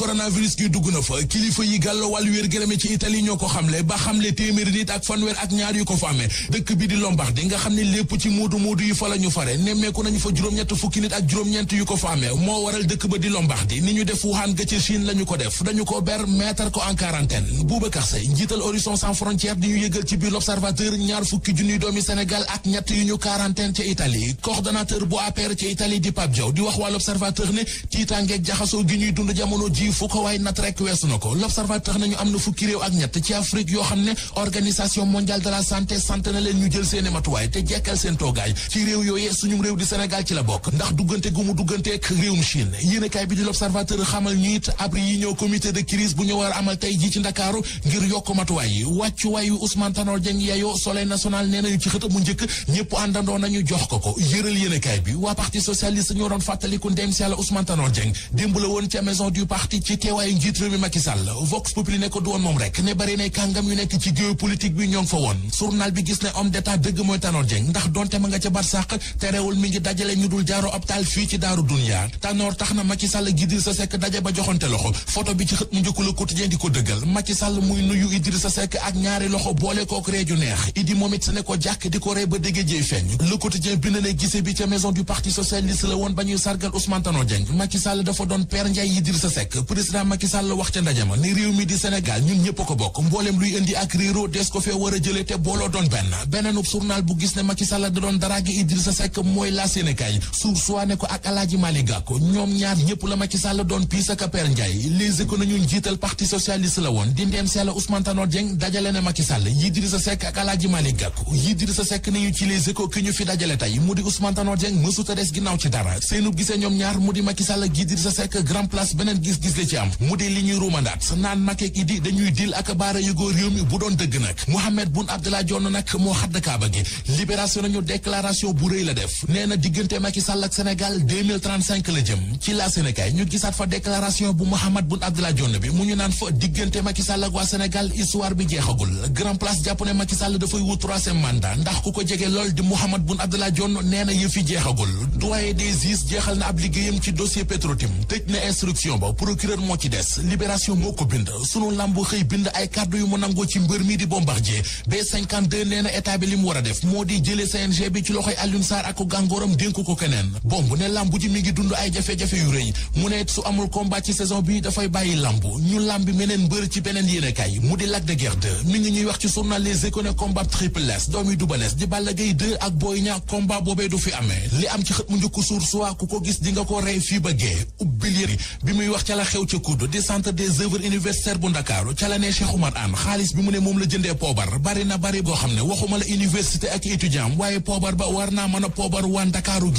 coronavirus gi dugg na fa kilifa yi gàllo wàllu wér gërëme ci Italie ñoo ko xamle ba xamle téeméeri nit ak fanweer ak ñaar yu ko fa amee dëkk bi di Lombardie nga xam ne lépp ci muudu muudu yu fa la fare nemmeeku nañu fa juróom-ñett fukki nit ak juróom-ñeent yu ko fa amee moo waral dëkk ba di Lombardie ni ñu def Wuhan ga Chine la ko def dañu ko ber mettre ko en quarantaine Boubacar Seye njiital Horizon sans frontières di ñu yëgal ci biir l'Observateur lii fu ko waay nat rek weesu na ko l'observateur tax nañu am na fukki réew ak ñett ci Afrique yoo xam ne organisation mondiale de la santé sant na leen ñu jël seeni matuwaay te jekkal seen toogaay ci réew yooyee suñum réew di Sénégal ci la bokk ndax duggante gu mu dugganteek réewum Chine yéenekaay bi di l'observateur xamal ñu it abri yi ñëw comité de crise bu ñu war amal tey ji ci Ndakaaru ngir yokk matuwaay yi wàccuwaayu Ousmane Tanor Dieng yayoo Soleil national nee nañu ci xëtam mu njëkk ñëpp àndandoo nañu jox ko ko yëral yéenekaay bi waa parti socialiste ñoo doon bi ci teewaayu njiit réew mi Macky Sall Vox Populi ne ko du woon moom rek ne bari nay kàngam yu nekk ci géopolitique bi ñoom ngi fa woon journal bi gis ne homme d'état dëgg mooy Tanor Dieng ndax donte ma nga ca barsàq terewul mi ngi dajale ñu dul jaaro optal fii ci daaru dunya Tanor tax na Macky Sall gi Idrissa sekk daje ba joxante loxo photo bi ci xët mu njëkk la di ko dëggal Macky sàll muy nuyu sa Seck ak ñaari loxo boole kook ree ju neex idi moom it ko jàkk di ko ba dégg jéey feeñ le quotidien bi ca maison du parti la woon ba ñuy sargal Ousmane Tanor Dieng Macky Sall dafa doon père Ndiaye Idrissa Seck nag président Macky Sall wax ca ndaje ma ne réew mi di Sénégal ñun ñëpp ko bokk mbooleem luy indi ak réeroo des ko fee war a jëlee te booloo doon benn beneenub journal bu gis ne Macky Sall da doon daraagi Idrissa Seck mooy la Sénégal suur ne ko ak Alaaji Malick Gakou ñoom ñaar ñëpp la Macky Sall doon piis ak Père Ndiaye Les Échos nañu njiital parti socialiste la woon di ndeem seela Ousmane Tanor Dieng dajale na Macky Sall Idrissa Seck ak Alaaji Malick Gakou gis-gis la ci mu dee li ñuy ruumandaat naan makeeg idi dañuy dil ak baara yëgoo réew bu doon dëgg nag Mohamed Boun Abdallah Dionne nag moo xadd kaaba gi libération nañu déclaration bu rëy la def nee na diggante Macky ak Sénégal la jëm ci la Sénégal ñu gisaat fa déclaration bu Mohamed Boun Abdallah Dionne bi mu ñu naan fa diggante Macky ak waa Sénégal histoire bi jeexagul grand place jàpp ne Macky Sall dafay ndax ku ko jege lool di Mohamed Boun Abdallah procureur moo ci des libération moo ko bind sunu làmb xëy bind ay kàddu yu mu nangoo ci mbër mi di Bombardier B52 nee na état bi li mu war a def moo di jëlee CNG bi ci loxoy Alioune Sarr ak ko gàngooram dénk ko keneen bomb ne làmb ji mi ngi dund ay jafe-jafe yu rëy mu ne su amul combat ci saison bi dafay bàyyi làmb ñu làmbi meneen mbër ci beneen yéenekaay mu di Lac de Guiers 2 mi ngi ñuy wax ci journal Les Échos ne combat triple S doomi Double Less di Balla Gaye 2 ak Boy Niang combat boobee du fi amee li am ci xët mu njëkk suur ku ko gis di nga ko rey fii ba gee Montpellier bi muy wax ca la xew ca COUD di centre des œuvres universitaires bu Ndakaaru ca la ne Cheikh xaalis bi mu ne moom la jëndee poobar bari na bari boo xam ne waxuma la université ak étudiant waaye poobar ba war naa mën a poobar waa Ndakaaru